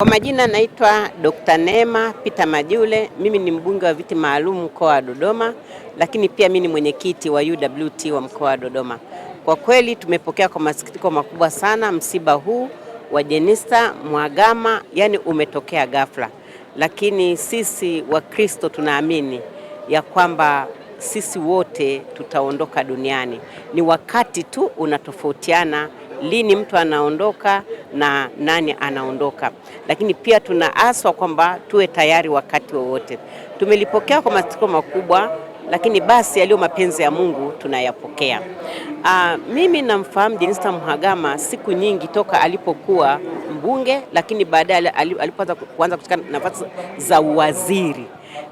Kwa majina naitwa Dr. Neema Peter Majule, mimi ni mbunge wa viti maalum mkoa wa Dodoma, lakini pia mimi ni mwenyekiti wa UWT wa mkoa wa Dodoma. Kwa kweli tumepokea kwa masikitiko makubwa sana msiba huu wa Jenista Mhagama, yani umetokea ghafla, lakini sisi Wakristo tunaamini ya kwamba sisi wote tutaondoka duniani, ni wakati tu unatofautiana lini mtu anaondoka na nani anaondoka, lakini pia tunaaswa kwamba tuwe tayari wakati wowote. Tumelipokea kwa masikitiko makubwa, lakini basi yaliyo mapenzi ya Mungu tunayapokea. Aa, ah, mimi namfahamu Jenista Mhagama siku nyingi toka alipokuwa mbunge, lakini baadaye alipoanza kuanza kushika nafasi za uwaziri,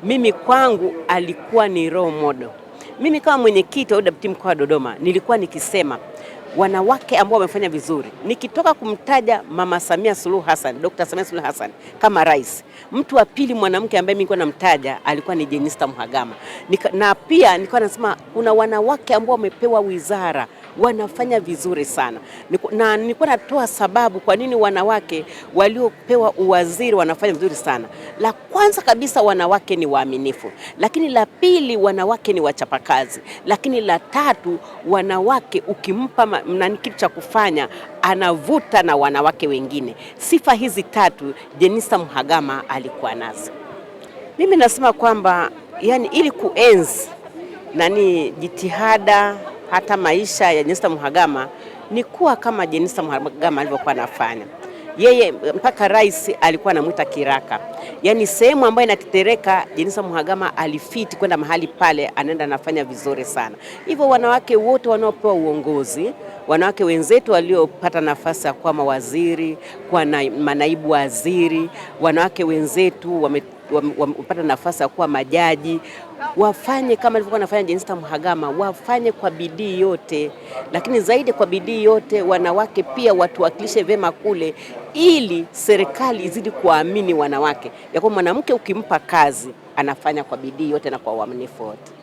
mimi kwangu alikuwa ni role model. Mimi kama mwenyekiti wa mkoa wa Dodoma nilikuwa nikisema wanawake ambao wamefanya vizuri. Nikitoka kumtaja Mama Samia Suluhu Hassan, Dr. Samia Suluhu Hassan kama rais, mtu wa pili mwanamke ambaye mimi nilikuwa namtaja alikuwa ni Jenista Mhagama. Nika, na pia nilikuwa nasema kuna wanawake ambao wamepewa wizara wanafanya vizuri sana na nilikuwa natoa sababu kwa nini wanawake waliopewa uwaziri wanafanya vizuri sana. La kwanza kabisa, wanawake ni waaminifu, lakini la pili, wanawake ni wachapakazi, lakini la tatu, wanawake ukimpa nani kitu cha kufanya anavuta na wanawake wengine. Sifa hizi tatu Jenista Mhagama alikuwa nazo. Mimi nasema kwamba yani, ili kuenzi nani jitihada hata maisha ya Jenista Mhagama ni kuwa kama Jenista Mhagama alivyokuwa anafanya yeye. Mpaka rais alikuwa anamwita kiraka, yaani sehemu ambayo inatetereka, Jenista Mhagama alifiti kwenda mahali pale, anaenda anafanya vizuri sana. Hivyo wanawake wote wanaopewa uongozi, wanawake wenzetu waliopata nafasi ya kuwa mawaziri, kuwa manaibu waziri, wanawake wenzetu wame wamepata nafasi ya kuwa majaji, wafanye kama alivyokuwa anafanya Jenista Mhagama, wafanye kwa bidii yote, lakini zaidi kwa bidii yote wanawake pia watuwakilishe vema kule, ili serikali izidi kuwaamini wanawake, ya kwamba mwanamke ukimpa kazi anafanya kwa bidii yote na kwa uaminifu wote.